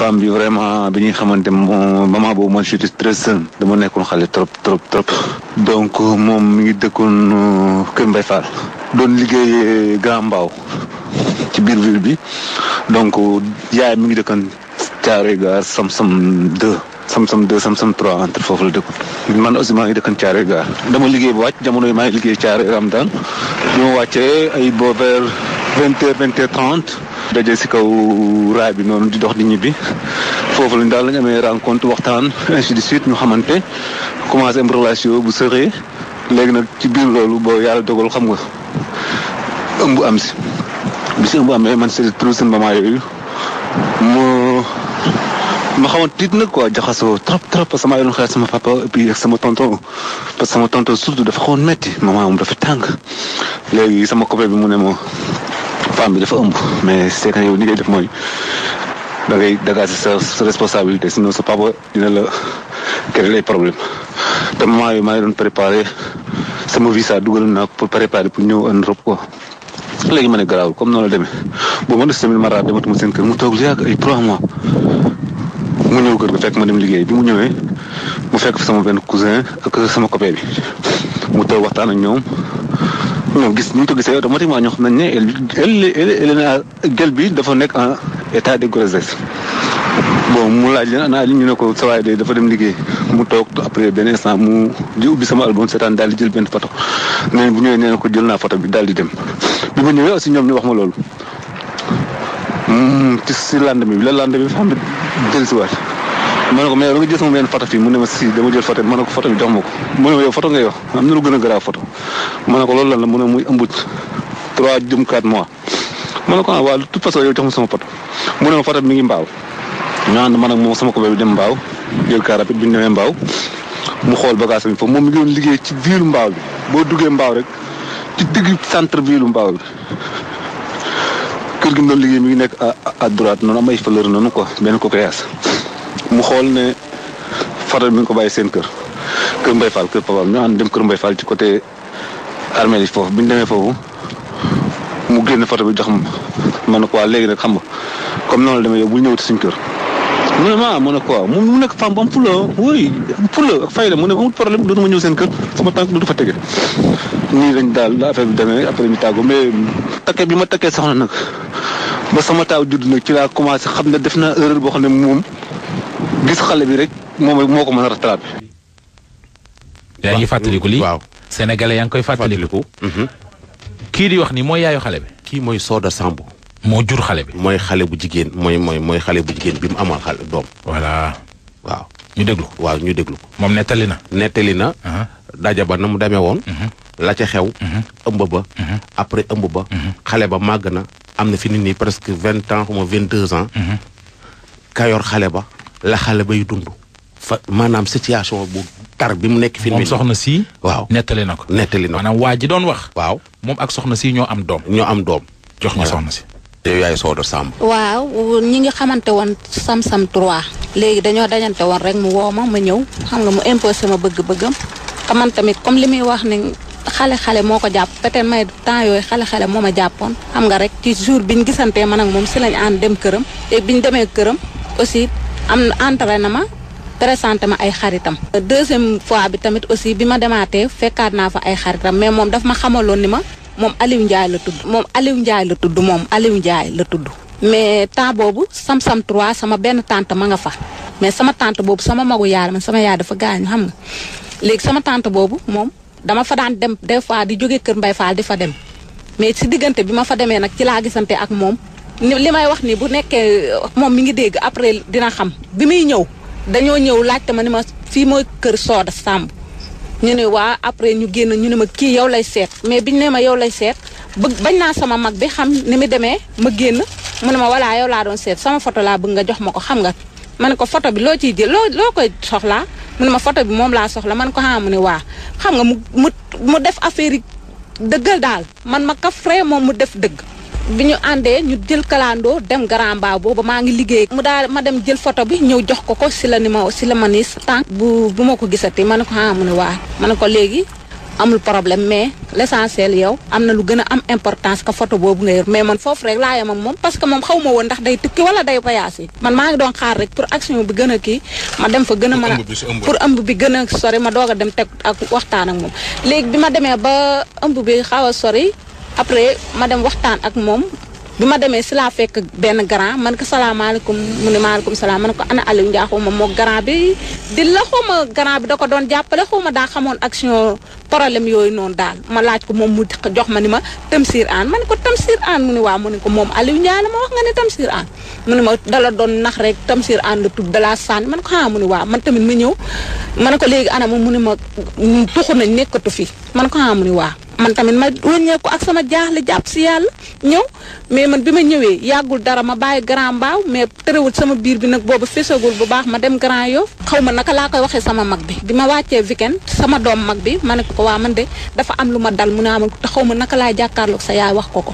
femme bi vraiment bi ñuy xamante moment boobu man j'étais très jeune dama nekkoon xale trop trop trop donc euh, moom mi ngi dëkkoon euh, Kër Mbay Fall doon liggéey euh, Grand Mbao ci biir ville bi donc yaay mi ngi dëkkoon Thiaroye Gare Samsam 2 Samsam 2 Samsam 3 entre foofu la dëkkoon man aussi maa ngi dëkkoon Thiaroye Gare dama liggéey ba wàcc jamono yi maa ngi liggéey Thiaroye Ramdan bi ma wàccee ay boobeer vingt heures dajé ci kaw raay bi nonu di dox di ñibi fofu lañ dal lañ amé rencontre waxtaan ainsi de suite ñu xamanté commencé une relation bu sëree légui nak ci biir lolu bo yalla dogal xam nga ëmb am ci bi si ëmb amé man c'est trop seen maman yooyu ma ma xamoon tiit nag quoi jaxaso trop trop sama yoon xé sama papa et puis sama tonton parce sama tonton surtout dafa xone metti maman dafa tàng légui sama copain bi mu né mo femme bi dafa ëmb mais c'est que yow li ngay def mooy da ngay dagaasi sa sa responsabilité sinon sa papa dina la créer ay problème te moment yooyu maa ngi doon préparé sama visa dugaloon naa pour préparer pour ñëw en Europe quoi. léegi ma ne garaawul comme noonu la demee boo ma des tamit ma raad dematuma seen kër mu toog lu yàgg ay trois mois mu ñëw kër ga fekk ma dem liggéey bi mu ñëwee mu fekk sama benn cousin ak sama copain bi mu toog waxtaan ak ñoom. ñoom gis ñu ko gisee automatiquement ñoo xam nañ ne gël bi dafa nekk en état de grossesse boo mu laaj leen ana li ñu ne ko sawaay de dafa dem liggéey mu toog après benn instant mu di ubbi sama album seetaan daal di jël benn photo nee bu ñëwee neen ko jël naa photo bi daal di dem bi ma ñëwee si ñoom ñu wax ma loolu hmm, ci si lendemain bi la lendemain bi xam ne dellusiwaat ma ne ko mais yow da nga jël sama benn photo mu ne ma si dama jël photo ma ne ko photo bi jox ma ko mu ne ma yow photo nga yow am lu gën a garaaw photo ma ne ko loolu lan la mu ne muy ëmbut trois jëm quatre moi ma ne ko ah waa de toute façon yow jox ma sama mu ne ma bi mi ngi mbaaw ñu ànd man ak moom sama ko bi dem mbaaw jël car rapide bi ñu demee mbaaw mu xool bagage bi foofu moom mi ngi doon liggéey ci ville mbaaw bi boo duggee mbaaw rek ci digg centre ville mbaaw bi kër gi mu doon liggéey mi ngi nekk à à droite noonu am ay fleur noonu quoi benn coquillage mu xool ne Fadel mi ngi ko bàyyi seen kër kër Mbaye Fall kër papaam ñu dem kër Mbaye ci côté armée yi foofu bi ñu demee foofu mu génn photo bi jox ma ma ne ko waa léegi xam nga comme noonu la demee yow bul ñëwati suñ kër. mu ne ma ah, mu ne quoi mu nekk femme bu am fulla mu ne amul problème dootuma ñëw seen kër sama tànk du fa tege nii lañ daal la affaire bi demee après ñu tàggoo mais takkee bi ma takkee soxna nag ba sama taaw judd nag ci laa commencé xam ne def naa erreur boo xam ne moom. gis xale bi rek moom moo ko mën a rattrapé. yaa ngi fàttaliku lii waaw sénégalais yaa ngi koy fàttaliku. Mhm. kii di wax nii mooy yaayu xale bi. kii mooy Soda Samb. moo jur xale bi. mooy xale bu jigéen mooy mooy mooy xale bu jigéen bi mu amal xale doom. voilà. waaw ñu déglu ko. waaw ñu déglu ko. moom nettali na. nettali na. Uh-huh. daja ba na mu demee woon. Uh-huh. la ca xew. Uh-huh. ëmb ba. après ëmb ba. xale ba màgg na am na fi nit nii presque vingt ans xuma vingt deux ans. ka xale ba. la xale bay dund. fa maanaam situation bu tar bi mu nekk. fi moom soxna si. waaw nettali na ko. nettali na ko maanaam waa ji doon wax. waaw moom ak soxna sii ñoo am doom. ñoo am doom. jox ma soxna si. te yaay Soda Samb. waaw ñi ngi xamante woon sam-sam léegi dañoo dajante woon rek mu woo ma ma ñëw xam nga mu imposé ma bëgg-bëggam te tamit comme li muy wax ni xale-xale moo ko jàpp peut-être may temps yooyu xale-xale moom a jàppoon xam nga rek ci jour bi ñu gisantee ma ak moom si lañ ànd dem këram. et bi ñu demee këram aussi am na entraîné ma présenté ma ay xaritam. deuxième fois bi tamit aussi bi ma demaatee fekkaat naa fa ay xaritam mais moom dafa ma xamaloon ni ma moom Aliou Ndiaye la tudd. moom Aliou Ndiaye la tudd moom Aliou la tudd. mais temps boobu sam-sam sama benn tante ma nga fa mais sama tante boobu sama magu yaay man sama yaay dafa gaañu xam nga léegi sama tante boobu moom dama fa daan dem des fois di jóge kër Mbay Fall di fa dem mais si diggante bi ma fa demee nag ci laa gisante ak moom li may wax nii bu nekkee euh, moom mi ngi dégg après dina xam bi muy ñëw dañoo ñëw laajte ma ni ma fii mooy kër Soda Samb ñu ne waa après ñu génn ñu ne ma kii yow lay seet mais bi ñu ne ma yow lay seet bëgg bañ naa sama mag bi xam ni mu demee ma génn mu ne ma voilà yow laa doon seet sama photo laa bëgg nga jox ma ko xam nga ma ne ko photo bi loo ciy jël loo koy soxlaa mu ne ma photo bi moom laa soxla man ko xamu ah, ne waa xam nga mu mu mu def affaire yi dëggal daal man ma kaf moom mu def dëgg bi ñu àndee ñu jël kalandoo dem Grand Mbao boobu maa ngi liggéey mu daal ma dem jël photo bi ñëw jox ko ko si la ni ma si la ma ni tànk bu bu ma ko gisati ma ne ko ah mu ne waa ma ne ko léegi amul problème mais l'essentiel yow am na lu gën am importance que photo boobu nga yor mais man foofu rek laa yemam moom parce que moom xaw ma woon ndax day tukki wala day voyage man maa ngi doon xaar rek pour action bi gën a kii ma dem fa gën a mën a pour ëmb bi gën a sori ma doog a dem teg ak waxtaan ak moom léegi bi ma demee ba ëmb bi xaw a sori après ma dem waxtaan ak moom bi ma demee si laa fekk benn grand man ko salaamaaleykum mu ne maaleykum salaam man ko ana Aliou Ndiaye xaw moo grand bi di la xaw ma grand bi da ko doon jàppale xaw ma daa xamoon action problème yooyu noonu daal ma laaj ko moom mu jox ma ni ma Tamsir Anne ma ne ko Tamsir mu ne waaw mu ne ko moom Aliou Ndiaye la ma wax nga ne Tamsir mu ne ma dala doon nax rek Tamsir Anne la tudd dala sànni man ko ah mu ne waaw man tamit ma ñëw ma ne ko léegi ana moom mu ne ma tuxu nañ nekkatu fi man ko ah mu ne waaw man tamit ma wëññeeku ak sama jaaxle jàpp si yàlla ñëw mais man bi ma ñëwee yàggul dara ma bàyyi grand mbaaw mais tërëwul sama biir bi nag boobu fesagul bu baax ma dem grand Yoff xaw ma naka laa koy waxee sama mag bi bi ma wàccee weekend sama doom mag bi ma ne ko waa man de am lu ma dal mu ne ma te xaw ma naka laa jàkkaarloog sa yaay wax ko ko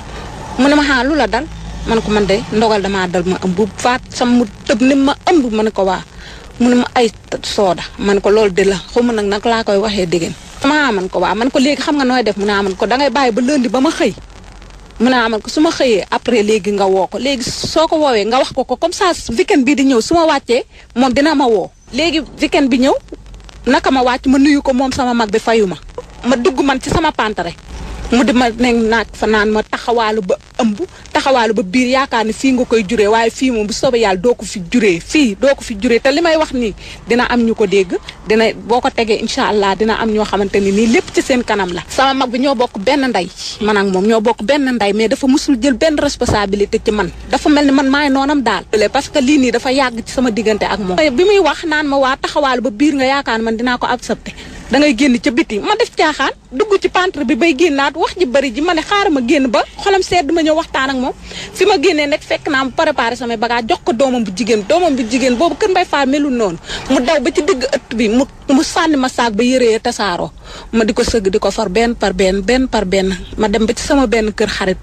mu ne ma xaa lu la dal man ko man de ndogal damaa ma ëmb bu faat sama mu tëb ni ma ëmb ma ne ko waa mu ne ma ay sooda man ko loolu de la xaw ma nag naka laa koy waxee dégg ah man ko waa man ko léegi xam nga nooy def mun naa man ko dangay bàyyi ba lundi ba ma xëy mun naa man ko su ma xëyee après léegi nga woo ko léegi soo ko woowee nga wax ko ko comme ça weekend bii di ñëw su ma wàccee moom dina ma woo. léegi weekend bi ñëw naka ma wàcc ma nuyu ko moom sama mag bi fayu ma ma dugg man ci sama pantare mu dema nekk naaj fanaan ma taxawaalu ba ëmb taxawaalu ba biir yaakaar ne fii nga koy juree waaye fii moom bu soobee yàlla doo ko fi juree fii doo ko fi juree te li may wax nii dina am ñu ko dégg dina boo ko tegee incha allah dina am ñoo xamante ni nii lépp ci seen kanam la. sama mag bi ñoo bokk benn ndey man ak moom ñoo bokk benn ndey mais dafa musul jël benn responsabilité ci man dafa mel ni man maay noonam daal. parce que lii nii dafa yàgg ci sama diggante ak moom. bi muy wax naan ma waa ba biir nga yaakaar man dinaa ko accepté. da ngay génn ca biti ma def caaxaan dugg ci pantre bi bay génnaat wax ji bari ji ma ne xaaral ma génn ba xolam sedd ma ñëw waxtaan ak moom fi ma génnee nag fekk naa mu préparé samay jox ko doomam bu jigéen doomam bu jigéen boobu kër mbay faa noonu mu daw ba ci digg ëtt bi mu mu sànni ma saag ba yëree tasaaroo ma di ko sëgg di ko far benn par benn benn par benn ma dem ba ci sama benn kër xarit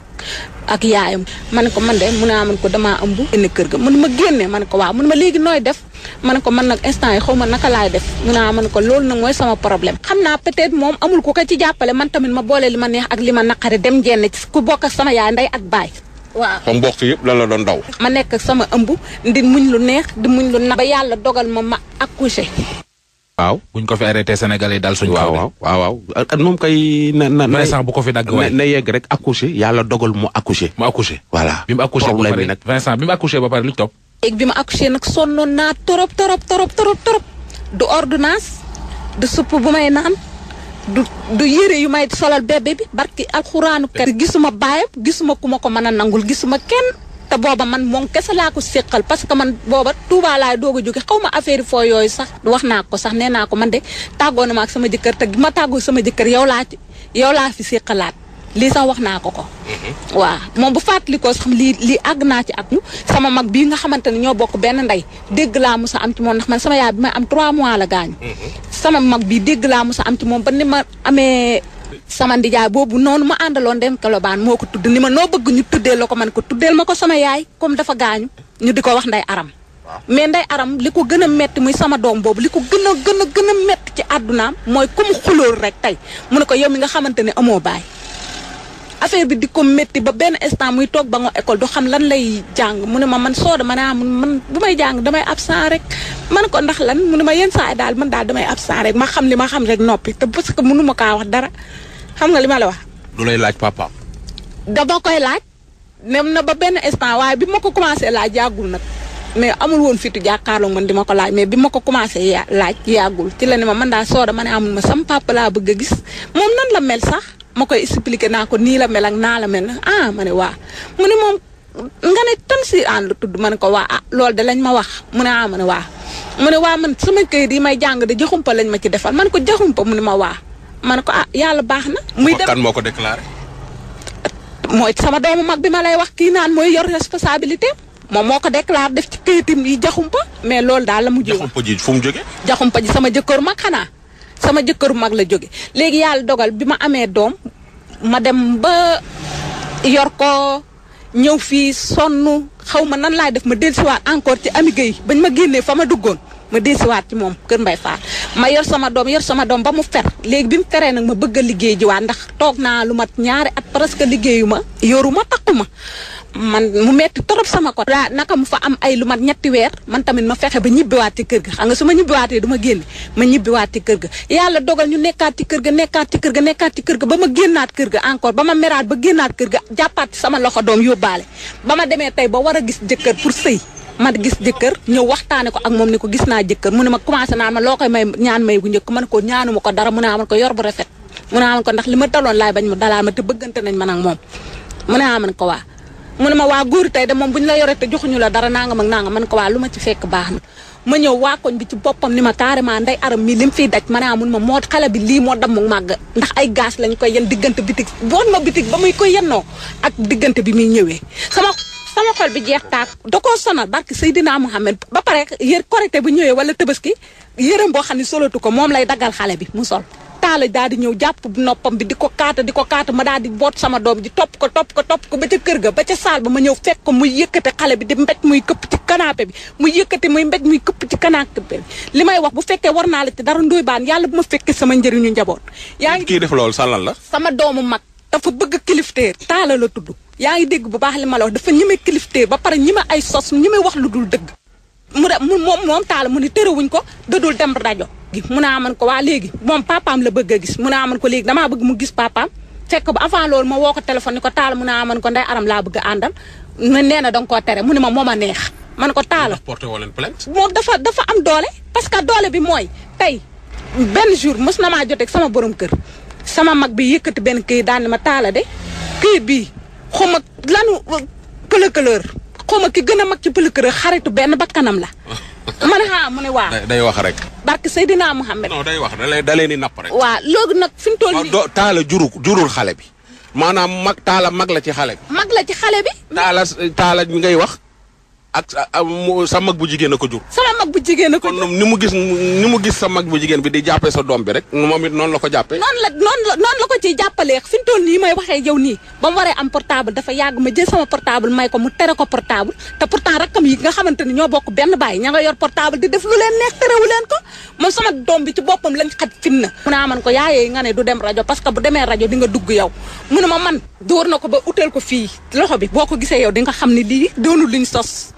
ak yaayam ma ne ko man de mun naa man ko damaa ëmb génne kër ga mun ma génne ma ne ko waaw mun ma léegi nooy def ma ne ko man nag instant yi xaw ma naka laay def mu naa ma ne ko loolu nag mooy sama problème xam naa peut-être moom amul ku ko ci jàppale man tamit ma boole li ma neex ak li ma naqare dem jenn ku bokk ak sama yaay ndey ak baay waaw xam mbokk yëpp lan la doon daw ma nekk sama ëmb di muñ lu neex di muñ lu na ba yàlla dogal ma ma accouché waaw buñ ko fi arrêté sénégalais daal suñ waaw waaw waaw waaw moom kay na na Vincent bu ko fi dagg waay na yegg rek accouché yàlla dogal mu accouché mu accouché voilà bi mu accouché mu accouché ba pare lu topp léegi bi ma accouché nag sonnoon naa torop torop torop torop torop du ordonnance du supp bu may naan du yére yu may solal bébé bi barki alxuraanu kër gisuma baayam gisuma ku ma ko mën a nangul gisuma kenn te booba man moo kese laa ko séqal parce que man booba Touba laay doog jóge xaw ma affaire foo yooyu sax wax naa ko sax nee naa ko man de tàggoo na ak sama jëkkër te ma tàggoo sama jëkkër yow laa ci yow laa fi séqalaat lii sax wax naa ko ko. Mm-hmm. waaw moom bu fàttalikoo sax lii lii àgg naa ci ak sama mag bii nga xamante ne ñoo bokk benn ndey dégg laa musa am ci moom ndax man sama yaay bi may am trois mois la gaañu. Mm-hmm. sama mag bii dégg laa musa am ci moom ba ni ma amee. sama ndijaay boobu noonu ma àndaloon dem Colobane moo ko tudd ni ma noo bëgg ñu tuddee ko man ko tuddeel ma ko sama yaay comme dafa gaañu. ñu di ko wax nday aram. mais nday aram li ko gën a métti muy sama doom boobu li ko gën a gën a gën a métti ci àddunaam mooy comme xulóol rek tey mu ne ko yow mi nga xamante ne amoo baay affaire bi di metti ba ben instant muy tok ba nga école do xam lan lay jang mune ma man soo dama man bu may damay absent rek man ko ndax lan mune ma yeen saa dal man dal damay absent rek ma xam li ma xam rek nopi te parce que ma wax dara xam nga li ma la wax. dou lay laaj papa. ba koy laaj nem na ba ben instant way bi mako commencer la jagul nak mais amul won fitu jakarlo man dima ko laaj mais bi mako commencer ya-, laaj yagul ci la ne ma man da so da man amul ma sam papa la beug gis mom nan la mel sax mako expliquer nako ni la mel ak na la mel ah mané wa, mune mom nga ne tan si and tud tudd ko wa ah lol de lañ ma wax mune ah mané wa, mune wa man sama kay di may jang de pa lañ ma ci defal man ko joxum pa mune ma wa ma ko ah yalla baxna muy dem kan moko déclarer moy sama doomu mag bi ma lay wax ki nan moy yor responsabilité mom moko déclarer def ci kayitim yi pa mais lol daal la mu. joxum pa ji fu mu joxum pa ji sama jëkkër mak xana sama jëkkëru mag la jóge léegi yàlla dogal bi ma amee doom ma dem ba yor ko ñëw fii sonn xaw ma nan laay def ma dellusiwaat encore ci amigé yi bañ ma génnee fa ma duggoon ma dellusiwaat ci moom Kër Mbay Fall ma yor sama doom yor sama doom ba mu fer léegi bi mu feree nag ma bëgg a liggéey ji jiwaat ndax toog naa lu mat ñaari at presque liggéeyu ma yoru ma takku ma man mu metti torop sama ko daa naka mu fa am ay lu mat ñetti wër man tamit ma fexé ba ñibbiwaat ci kër ga xam nga su ma ñibbiwaatee du ma génn ma ñibbiwaat ci kër ga yalla dogal ñu nekkat ci kër ga nekkat ci kër ga nekkat ci kër ga bama gennat kër ga encore bama ba gennat kër ga jappat sama loxo dom yobale bama démé tay ba wara gis jëkkeur pour sey ma gis jëkkeur ñëw waxtane ko ak mom ni ko gis na jëkkeur mu ne ma commencé na ma lokay may ñaan may gu ñëk man ko ñaanuma ko dara mu ne man ko yor bu rafet mu ne man ko ndax lima talon lay bañ mu dalama te bëggante nañ man ak mom mu ne ko waa mu ne ma waa góor tey de moom bu ñu la yore te joxuñu la dara nangam ak nangam man ko waa lu ma ci fekk baax na ma ñëw waa koñ bi ci boppam ni ma carrément nday aram mi lim fiy daj ma ne ah, mun ma moo xale bi lii moo damm màgg ndax ay gaz lañ koy yen diggante bitig boon ma bitig ba muy koy yennoo ak diggante bi muy ñëwee sama sama xol bi jeex taat da koo sonal barke Seydina Mohamed ba pare yër korité bu ñëwee wala tabaski yërëm boo xam ne solatu ko moom lay daggal xale bi mu sol taala daal di ñëw jàpp noppam bi di ko kaata di ko kaata ma daal di boot sama doom ji topp ko topp ko topp ko ba ca kër ga ba ca saal ba ma ñëw fekk ko muy yëkkate xale bi di mbéj muy këpp ci kanaape bi muy yëkkate muy mbéj muy këpp ci canapé bi li may wax bu fekkee war naa la ci dara ndoy baan yàlla bu ma fekkee sama njariñu njaboot yaa ngi kii def loolu sàllal la sama doomu mag dafa bëgg kilifteer taala la tudd yaa ngi dégg bu baax li ma la wax dafa ñime kilifteer ba pare ñime ay sos ñime wax lu dëgg mu moom moom taala mu ni tërëwuñ ko dadul dem rajo gi muna naa man ko wa legi mom papam la bëgg gis muna naa man ko legi dama bëgg mu gis papam fekk ba avant loolu ma woko ko ko taal muna ko nday aram la bëgg andal àndal nee na danga koo tere mu ne neex man ko taala porté wolen plainte mo dafa dafa am doole parce que doole bi moy tay ben jour musna ma sama borom kër sama mag bi yëkkati ben këyit dan ma taala de këyit bi xuma lanu keleur xuma ki gëna mag ci pëlëkëlër xaritu ben bakkanam la ah. ma ne ah ne waa. day wax rek. barke Seydina Mohamed. non day wax da leen di napp rek. waa loolu nag fi mu toll nii. doo taala juru jurul xale bi. maanaam mag taala mag la ci xale bi. mag la ci xale bi. taala taala ngay wax. ak sa mag bu jigéen a ko jur. mag bu jigéen ko kon ni mu gis ni mu gis sa mag bu jigéen bi di jàppee sa doom bi rek moom it noonu la ko jàppee noonu la noonu la noonu la ko ciy jàppalee fi mu toll nii may waxee yow nii ba mu am portable dafa yàgg ma jël sama portable may ko mu tere ko portable te pourtant rakkam yi nga xamante ni ñoo bokk benn ña nga yor portable di def lu leen neex terewu leen ko moom sama dom bi ci boppam lañ xat fin na mu naa ah, man ko yaayee nga ne du dem radio, parce que bu demee rajo di nga dugg yow mu ne ma man dóor na ko ba utal ko fii loxo bi boo ko yow di nga luñ sos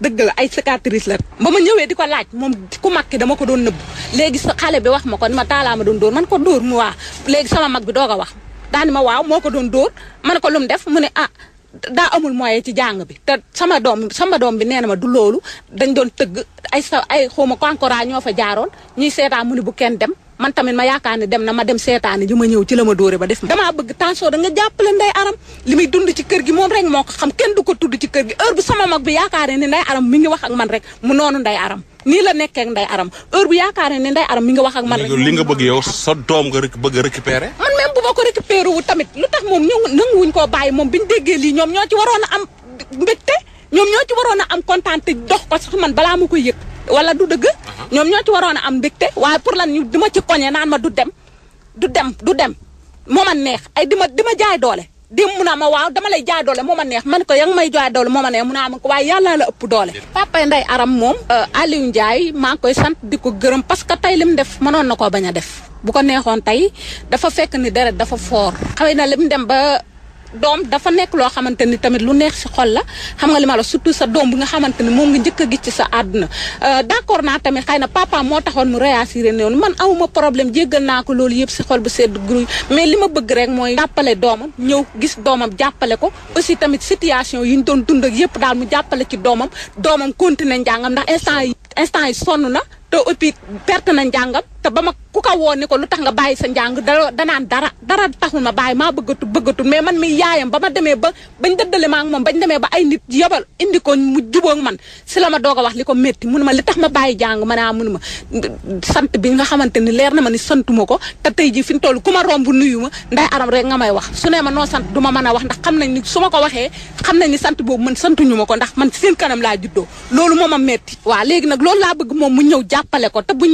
dëgg la ay cicatrices la ba ma ñëwee di ko laaj moom ku mag ki dama ko doon nëbb léegi sa xale bi wax ma ko ni ma taalaa ma doon dóor man ko dóor mu waa léegi sama mag bi doog a wax daani ma waaw moo ko doon dóor man ko lu mu def mu ne ah daa amul moyen ci jàng bi te sama doom sama doom bi nee na ma du loolu dañ doon tëgg ay sa ay xaw ma kankora ñoo fa jaaroon ñuy seetaan mu ne bu kenn dem man tamit ma yaakaar ne dem na ma dem seetaani ji ma ñëw ci la ma dóore ba def ma damaa bëgg tension da nga jàppale nday aram li muy dund ci kër gi moom rek moo ko xam kenn du ko tudd ci kër gi heure bu sama mag bi yaakaaree ni nday aram mi ngi wax ak man la nekkee nday aram heure bu yaakaaree ni nday aram mi ngi wax ak man rek li nga bëgg yow sa doom nga bëgg a récupérer man ko récupéré wu tamit lu tax moom ñëw nanguwuñ koo bàyyi moom biñu déggee lii ñoom ñoo ci am mbégte ñoom ñoo ci waroon a am kontaan dox ko sax man balaa ma koy yëg wala du dëgg. Uh-huh. ñoom ñoo ci waroon a am mbégte waaye pour lan ñu dima ci koñe naan ma du dem du dem du dem moo ma neex ay dima dima jaay doole. di mun a ma waaw dama lay jaay doole moo ma neex man ko yaa may jaay doole ma neex mun a ma ko waaye yàlla la ëpp doole. papa nday Aram moom. Euh, Aliou Ndiaye maa ngi koy sant di ko gërëm parce que tey li mu def mënoon na koo baña def bu ko neexoon tey dafa fekk ni deret dafa foor xëy na lim dem ba. doom dafa nekk loo xamante ni tamit lu neex si xol la xam nga li ma la surtout sa doom bi nga xamante ni moom nga njëkk a gis ci sa àdduna euh, d'accord naa tamit xëy na papa moo taxoon mu réassuré noonu man awuma problème jéggal naa ko loolu yëpp si xol bu sedd guruy mais li ma bëgg rek mooy jàppale doomam ñëw gis doomam jàppale ko aussi tamit situation yi ñu doon dund ak yëpp daal mu jàppale ci doomam doomam continuer njàngam ndax instant yi instant yi sonn na te ëppi perte na njàngam te bama ku ka woo ko lutax nga bàyyi sa jang da nan dara dara taxul ma bàyyi maa bëggatu bëggatu mais man mi yaayam ba ma ba bañ dëddale ma ak mom bañ demee ba ay nit yobal indi ko mu ak man si lama doga wax liko ko munuma li tax ma bàyyi jang mana munuma sante bi nga xamanteni leer na man ni santuma ko te tey jii fi mu toll nuyu ma nday aram rek nga may wax su ma no sante duma wax ndax xam ni suma ko xam ni sante bobu man santuñu ko ndax man seen kanam la juddoo lolu moma ma wa waaw nak lolu la laa bëgg mu ñëw jappalé ko te bu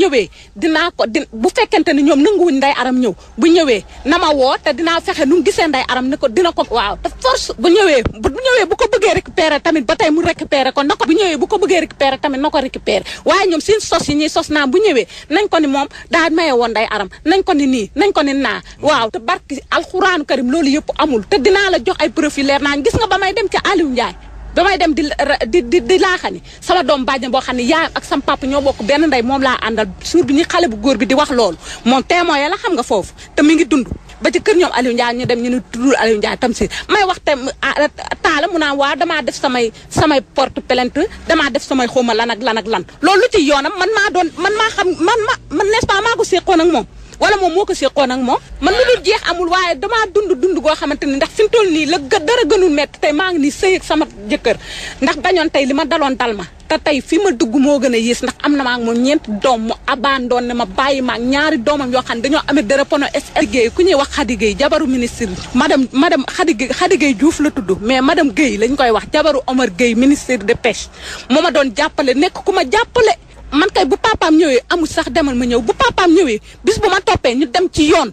dina ko di bu fekkente ni ñoom nanguwuñ nday aram ñëw bu ñëwee na ma woo te dinaa fexe nu gisee ndey aram ne ko dina ko waaw te force bu ñëwee bu ñëwee bu ko bëggee récupérer tamit ba tey mu récupérer ko na ko bu ñëwee bu ko bëggee récupérer tamit na ko récupérer waaye ñoom seen sos yi ñuy sos naa bu ñëwee nañ ko ni moom daa maye woon nday aram nañ ko ni nii nañ ko ni naa waaw te barki alxuraanu karim loolu yëpp amul te dinaa la jox ay profil leer naa gis nga ba may dem ci Aliou Ndiaye damay dem di di di laaxani sama doom bàjjen boo xam ne yaayam ak sam papa ñoo bokk benn ndey moom laa àndal suur bi ñu xale bu góor bi di wax loolu moom témoin ya la xam nga foofu te mi ngi dund ba ci kër ñoom Aliou Ndiaye ñu dem ñu ne tuddul Aliou Ndiaye tam si may wax te ah, taala mu naan waaw damaa def samay samay porte plainte damaa def samay xawma lan ak lan ak lan loolu lu ci yoonam man maa doon man maa xam man ma man n'est-ce ko séqoon ak moom wala moom moo ko séqoon ak moom man lu dul jeex amul waaye damaa dund dund goo xamante ni ndax fi mu toll nii la ga dara gënul métti tey maa ngi nii sëy ak sama jëkkër ndax bañoon tey li ma daloon dal ma te tey fi ma dugg moo gën a yées ndax am na maa ngi moom ñeenti doom mu abandon ne ma bàyyi maag ñaari doomam yoo xam ne dañoo amee dara pono SR ku ñuy wax xadi Guèye jabaru ministre madame madame Khady Guèye Khady Guèye Diouf la tudd mais madame Guèye lañ koy wax jabaru Omar Guèye ministre de pêche moo ma doon jàppale nekk ku ma jàppale man kay bu papaam ñëwee amul sax demal ma ñëw bu papaam ñëwee bis bu ma toppee ñu dem ci yoon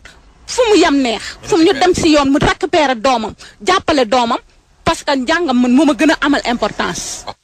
fu mu yem neex fu ñu dem si yoon mu récupérer doomam jàppale doomam parce que njàngam man moom a gën a amal importance